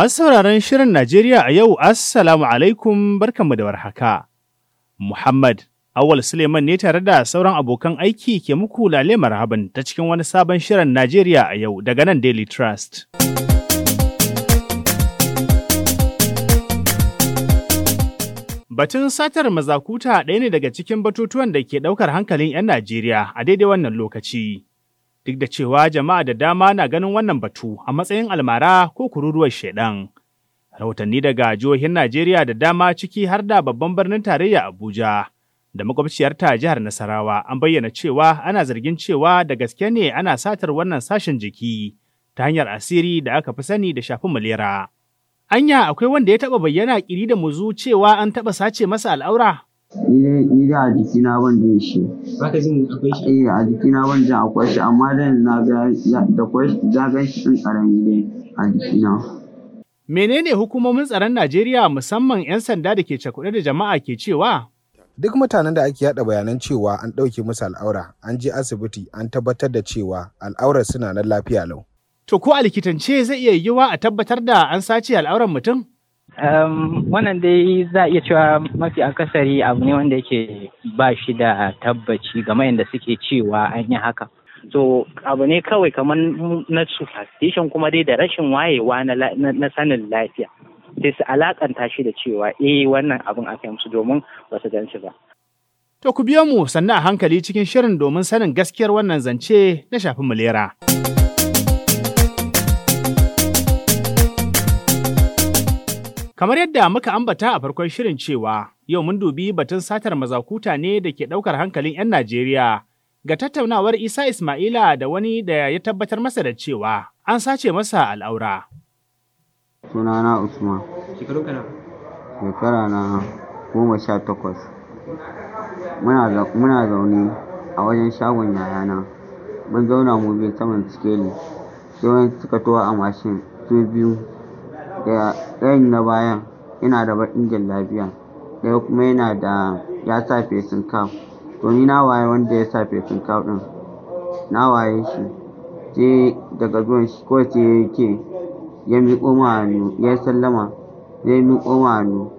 Masu sauraron Shirin Najeriya a yau, Assalamu alaikum barkanmu da warhaka. Muhammad Awal Suleiman ne tare da sauran abokan aiki ke muku lale marhaban ta cikin wani sabon Shirin Najeriya a yau daga nan Daily Trust. Batun satar mazakuta ɗaya ne daga cikin batutuwan da ke ɗaukar hankalin 'yan Najeriya a daidai wannan lokaci. duk da cewa jama'a da dama na ganin wannan batu a matsayin almara ko kururuwar shaidan. Rahotanni daga jihohin Najeriya da dama ciki har da babban birnin tarayya Abuja da makwabciyarta jihar Nasarawa an bayyana cewa ana zargin cewa da gaske ne ana satar wannan sashen jiki ta hanyar asiri da aka fi sani da shafin mulera. Anya akwai wanda ya taɓa bayyana ƙiri da muzu cewa an taɓa sace masa al'aura? Ni a jikina ban jin shi. Eh a jikina ban jin akwai shi amma da na gan shi a jikina. Menene hukumomin tsaron Najeriya musamman 'yan sanda da ke cakuɗe da jama'a ke cewa? Duk mutanen da ake yaɗa bayanan cewa an ɗauke musu al'aura an je asibiti an tabbatar da cewa al'aurar suna nan lafiya lau. To ko a likitance zai iya yiwuwa a tabbatar da an sace al'auran mutum? Um, wannan dai za iya cewa mafi akasari abu ne wanda yake ba shi da tabbaci game da suke cewa an yi haka. To abu ne kawai kamar na superstition kuma dai da rashin wayewa na sanin lafiya. Sai su alakanta shi da cewa eh wannan abin aka yi musu domin ba su gan ba. To ku biyo mu sannan a hankali cikin shirin domin sanin gaskiyar wannan zance na shafi mulera. Kamar yadda muka ambata a farkon shirin cewa yau mun dubi batun satar mazakuta ne da ke ɗaukar hankalin 'yan Najeriya ga tattaunawar Isa Ismaila da wani da ya tabbatar masa da cewa an sace masa al'aura. Sunana Usman. Shekaru kana? Shekara na goma sha takwas. Muna zaune a wajen shagon yayana. Mun zauna mu biyu saman sikeli. Sai wani suka towa a mashin su biyu ɗayan na bayan yana da baƙin lafiya ɗaya kuma yana da ya sa fesin kaf to ni na waye wanda ya sa fesin kaf ɗin na waye shi sai daga zuwan shi ko sai yake ya miƙo ma hannu ya sallama ya miƙo ma hannu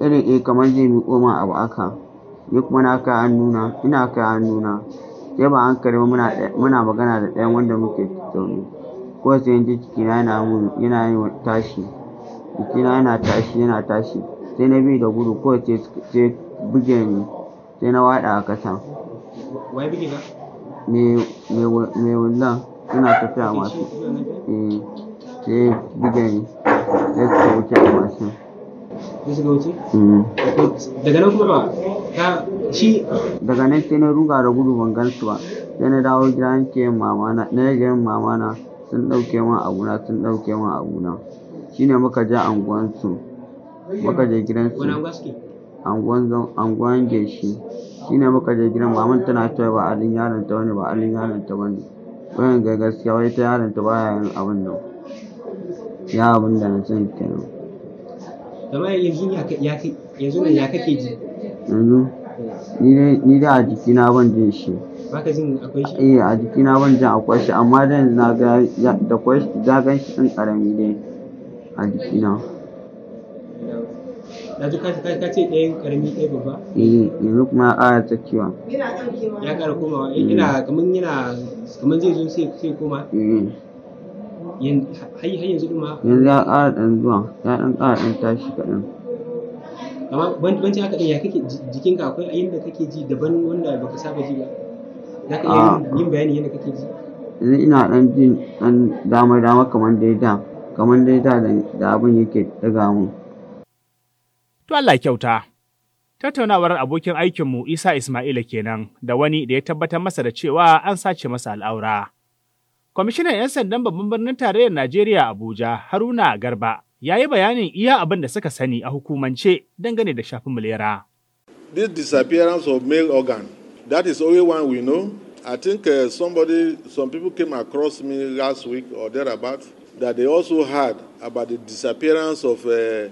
irin eh kamar zai miƙo ma abu aka ni kuma na kai hannuna ina kai hannuna sai ba hankali muna muna magana da ɗayan wanda muke zaune kowace inji jikina yana mun, yana tashi, jikina yana tashi, yana tashi. Sai na bi da gudu kawai sai buge ni, sai na wada a ƙasa. Wa buge ka? Me, me, me suna tafiya a Eh, sai buge ni, sai wuce a masu. Mm. Daga nan kuma ba, shi? Daga nan sai na ruga da gudu ban su ba. Sai na dawo gida nake yin mama na yin mamana. sun ɗauke min abuna sun ɗauke min abuna shine muka je anguwansu muka je gidansu anguwan geshi shine muka je gidan maman tana cewa ba alin yaron ta wani ba alin yaron ta wani wayan ga gaskiya wai ta yaron ta baya yin abin nan ya abin da na san kenan kamar yanzu ya yanzu nan ya kake ji yanzu ni dai a jikina ban jin shi baka jin akwai shi eh a jikina ban jin akwai shi amma dan na ga da kwai da gan shi din karami dai a jikina na ji ka ce ɗayan karami ɗaya babba eh yanzu kuma ya ƙara tsakiwa ya ƙara komawa eh, ina eh. kaman yana kaman zai zo sai sai koma eh yanzu din ma yanzu ya ƙara ɗan zuwa ya ɗan ƙara ɗan tashi kaɗan amma banci haka ɗin ya kake jikinka akwai ayin da kake ji daban wanda baka saba ji ba za ka ah. dan jin da kamar dai da da abin yake daga mu to Allah kyauta tattaunawar abokin aikinmu Isa Ismaila kenan da wani da ya tabbatar masa da cewa an sace masa al'aura Kwamishinan 'yan sandan babban birnin tarayyar Najeriya Abuja Haruna Garba ya yi bayanin iya abin da suka sani a hukumance dangane da shafin miliyara. This disappearance of male organ That is only one we know. I think uh, somebody, some people came across me last week or thereabout that they also heard about the disappearance of. Uh,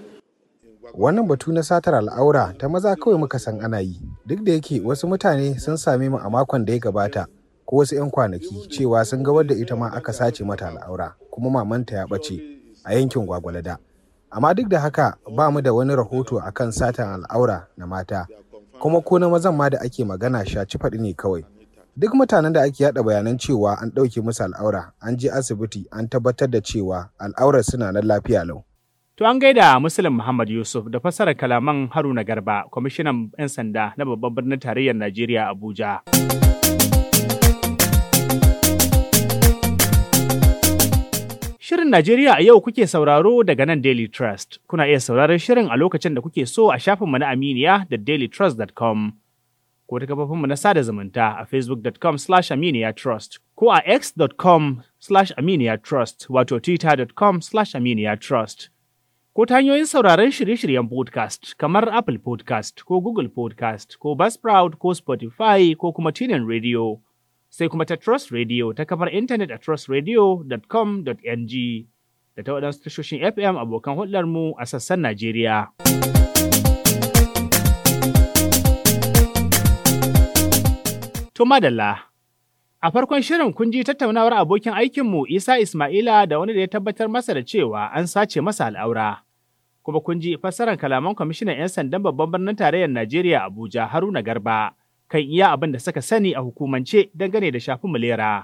Wannan batu na satar al'aura ta maza kawai muka san ana yi, duk da yake wasu mutane sun same mu a makon da ya gabata ko wasu 'yan kwanaki cewa sun ga wadda ita ma aka sace mata al'aura kuma mamanta ya ɓace a yankin Gwagwalada. Amma duk da haka ba mu da wani rahoto akan satan al'aura na mata kuma ko na mazan ma da ake magana sha ci faɗi ne kawai duk mutanen da ake yada bayanan cewa an ɗauke musu al'aura an je asibiti an tabbatar da cewa al'aurar suna nan lafiya lau To an gaida Muslim Muhammad Yusuf da fassara kalaman Haruna Garba, kwamishinan 'yan sanda na babban birnin tarayyar Najeriya Abuja. Shirin Najeriya a yau kuke sauraro daga nan Daily Trust. Kuna iya sauraron shirin a lokacin da kuke so a shafinmu na Aminiya da dailytrust.com ko ta kafafinmu na sada zumunta a facebook.com slash aminiya trust ko a x.com slash aminiya trust wato twitter.com slash aminiya trust. ko ta hanyoyin sauraron shirye-shiryen podcast kamar Apple podcast ko Google podcast ko Buzzsprout ko Spotify ko kuma tinin Radio sai kuma ta Trust Radio ta kafar intanet a trustradio.com.ng da ta waɗansu tashoshin FM abokan hulɗarmu a sassan Najeriya. To madalla, a farkon shirin kun ji tattaunawar abokin aikinmu Isa Ismaila da wani da ya tabbatar masa da cewa an sace masa al'aura. Kuma kun ji fassarar kalaman kwamishinan 'yan sandan babban birnin tarayyar Najeriya Abuja Haruna Garba. kan iya abin da suka sani a hukumance dangane da shafin mulera.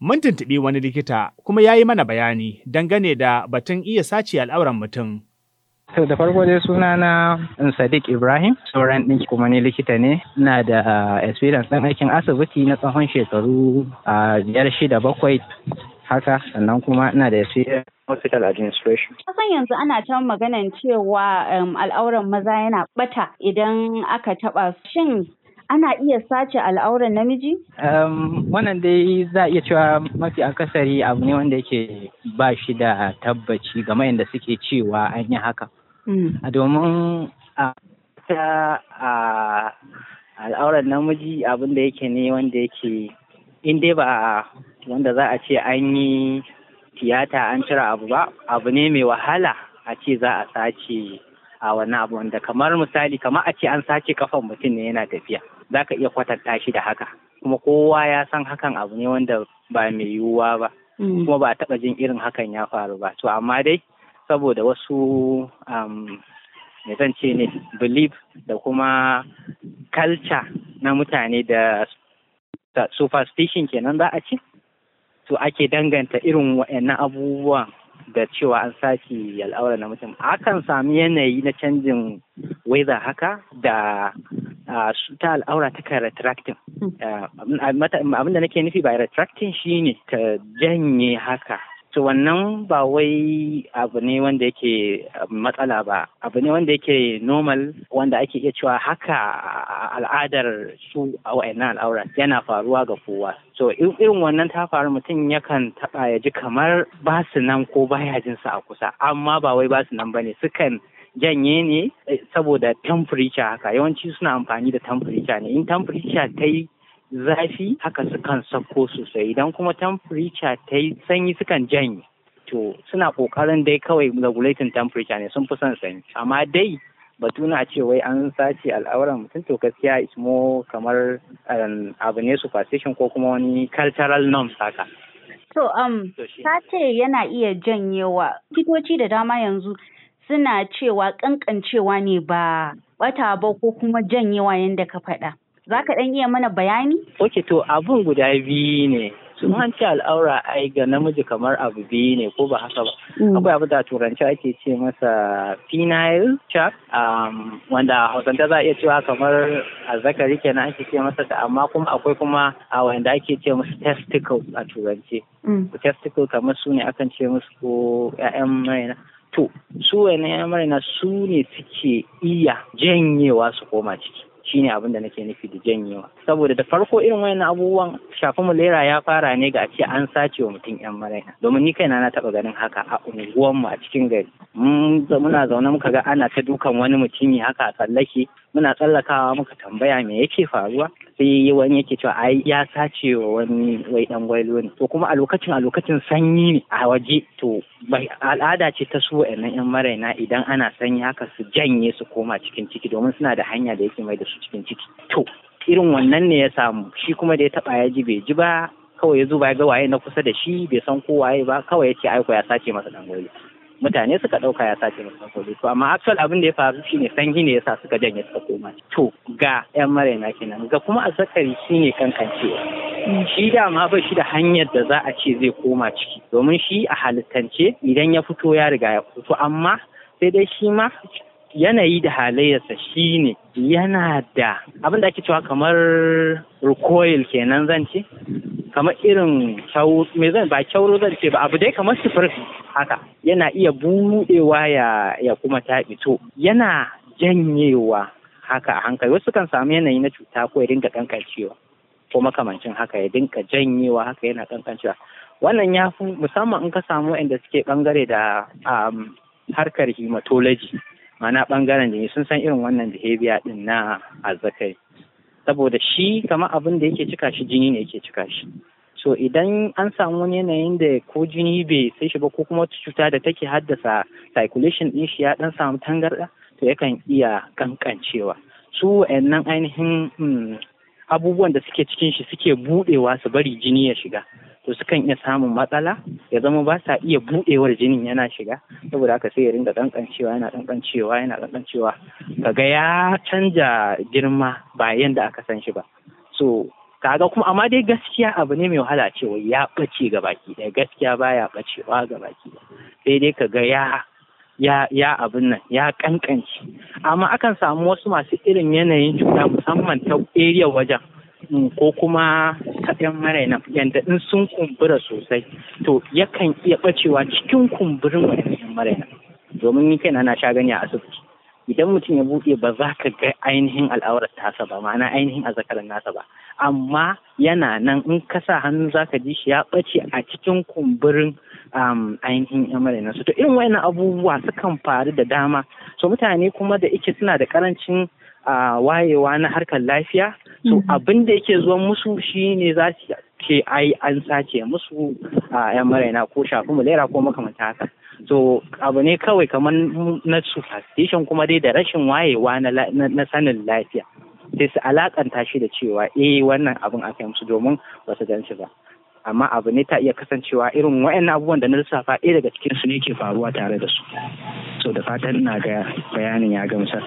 Mun tuntuɓi wani likita kuma ya yi mana bayani dangane da batun iya sace al'auran mutum. da farko dai suna na Sadiq Ibrahim, sauran ɗinki kuma ne likita ne, na da ah, experience ɗan aikin asibiti na tsawon shekaru ah, biyar shida bakwai haka sannan kuma ina da hospital administration. Kasan yanzu ana ta maganan cewa um, al'auran maza yana bata idan aka taɓa shin ana iya sace al'auran namiji? Um, wannan dai za a iya cewa mafi akasari abu ne wanda yake ba shi da tabbaci game da suke cewa an yi haka. Mm. A domin a al'auran namiji abin da yake ne wanda yake in dai ba wanda za a ce an yi tiyata an cire abu ba abu ne mai wahala a ce za a sace a wani abu wanda kamar misali kamar a ce an sace kafan mutum ne yana tafiya. za ka iya kwatanta shi da haka kuma kowa ya san hakan abu ne wanda ba mai yiwuwa ba mm. kuma ba taɓa jin irin hakan ya faru ba to amma dai saboda wasu um, me zan ce ne belief da kuma culture na mutane da superstition kenan za a ce to ake danganta irin waɗannan abubuwan da cewa an sake al'aura na mutum akan sami yanayi na canjin weather haka da ta al'aura ta kan retracting hmm. abin da nake nufi ba by retracting ne. ta janye haka to wannan ba wai abu ne wanda yake matsala ba abu ne wanda yake normal wanda ake iya cewa haka al'adar su a wa'annan al'aura yana faruwa ga kowa so irin wannan ta faru mutum yakan taɓa ya ji kamar ba su nan ko baya jin su a kusa amma ba wai ba su nan ne sukan janye ne eh, saboda temperature haka yawanci suna amfani da temperature ne in temperature ta yi zafi haka sukan sauko sosai idan kuma temperature ta yi sanyi sukan janye to suna kokarin dai kawai regulating temperature ne sun fi son sanyi amma dai batu na ce wai an sace al'auran mutum to gaskiya ismo kamar um, abu ne superstition ko kuma wani cultural norms haka to um sace yana iya janyewa kitoci da dama yanzu suna cewa ƙanƙancewa ne ba ɓata ba ko kuma janyewa yadda ka faɗa. Za ka ɗan iya mana bayani? Ok, to abun guda biyu ne. Sun mhm. hanci al'aura ai ga namiji kamar abu biyu ne ko ba haka ba. Mm. Akwai abu da turanci ake ce masa penile chap um, wanda hausanta za a iya cewa kamar a zakari kenan ake ce masa da amma kuma akwai kuma a wanda ake ce masa testicle a turanci. Mm. Testicle kamar su ne akan ce musu ko 'ya'yan mai to su na yan marina su ne suke iya janyewa su koma ciki shine abin da nake nufi da janyewa saboda da farko irin wayannan abubuwan shafi Lera ya fara ne ga a ce an sace wa mutum yan maraina domin ni kaina na taba ganin haka a unguwanmu a cikin gari muna zaune muka ga ana ta dukan wani mutumi haka a tsallake muna tsallakawa muka tambaya me yake faruwa sai wani yake cewa ai ya sace wa wani wai dan gwailo ne to kuma a lokacin a lokacin sanyi ne a waje to al'ada ce ta su wa'annan yan maraina idan ana sanyi haka su janye su koma cikin ciki domin suna da hanya da yake mai da su cikin ciki to irin wannan ne ya samu shi kuma da ya taba ya ji bai ji ba kawai ya zuba ya ga waye na kusa da shi bai san ko waye ba kawai ya ce aiko ya sace masa dan gwailo mutane suka ɗauka ya sace masu takobi to amma actual abin da ya faru shine sanyi ne ya sa suka janye suka koma to ga yan maraina kenan ga kuma azzakari shine kankancewa shi dama ba shi da hanyar da za a ce zai koma ciki domin shi a halittance idan ya fito ya riga ya fito amma sai dai shi ma yanayi da halayyarsa ne. yana da abin da ake cewa kamar recoil kenan zan ce kamar irin me zan ba kyauro zan ce ba abu dai kamar sufurfi haka yana iya buɗewa ya, ya kuma fito yana janyewa haka a hankali wasu kan samu yanayi na cuta ko ya dinga kankancewa ko makamancin haka ya dinga janyewa haka yana kankancewa wannan ya fi musamman in ka samu inda suke bangare da um, harkar hematology mana bangaren jini sun san irin wannan behavior din na azzakari saboda shi kamar abin da yake cika shi jini ne yake cika shi so idan an samu wani yanayin da ko jini bai sai shi ba ko kuma wata cuta da take haddasa circulation din shi ya dan samu tangarda to yakan iya kankancewa su wayannan ainihin mm, abubuwan da suke cikin shi suke buɗewa su bari jini ya shiga to sukan iya samun matsala ya zama ba sa iya buɗewar jinin yana shiga saboda haka sai ya ringa kankancewa yana kankancewa yana kankancewa kaga ya canja girma ba yanda aka san shi ba so kaga kuma amma dai gaskiya abu ne mai wahala cewa ya ɓace ga baki ɗaya gaskiya baya ɓacewa ga baki sai dai ka ga ya ya ya abin nan ya kankanci amma akan samu wasu masu irin yanayin cuta musamman ta area wajen mm, ko kuma ta ɗan nan yadda in sun kumbura sosai to yakan iya ɓacewa cikin kumburin mara nan domin ni kaina na sha gani a asibiti idan mutum ya buɗe ba za ka ga ainihin al'aurar tasa ba ma'ana ainihin azzakaran nasa ba amma yana nan in ka sa hannu za ka ji shi ya ɓace a cikin kumburin um, ainihin yamare nasu to irin wayannan abubuwa sukan faru da dama so mutane kuma da ike suna da karancin uh, wayewa na harkar lafiya so mhm. abin da yake zuwa musu shi ne za su ke ai an sace musu a yan maraina ko shafi Lera ko makamanta haka so abu ne kawai kamar na superstition kuma dai da rashin wayewa na sanin lafiya sai su alakanta shi da cewa eh wannan abin aka musu domin ba su gan ba amma abu ne ta iya kasancewa irin wa'annan abubuwan da na lissafa ɗaya daga cikin su ne ke faruwa tare da su so da fatan ina ga bayanin ya gamsa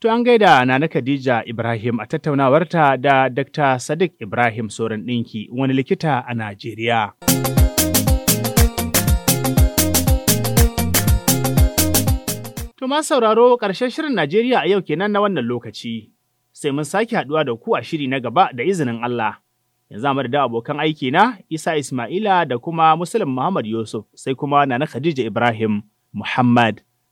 To an gaida na na Khadija Ibrahim a tattaunawarta da Dr. Sadiq Ibrahim Soran dinki wani likita a Najeriya. To ma sauraro ƙarshen shirin Najeriya a yau kenan na wannan lokaci, sai mun sake haɗuwa da ku a shiri na gaba da izinin Allah. Yanzu a da abokan aiki na Isa Ismaila da kuma Musulun Muhammad Yusuf sai kuma na na Khadija Ibrahim Muhammad.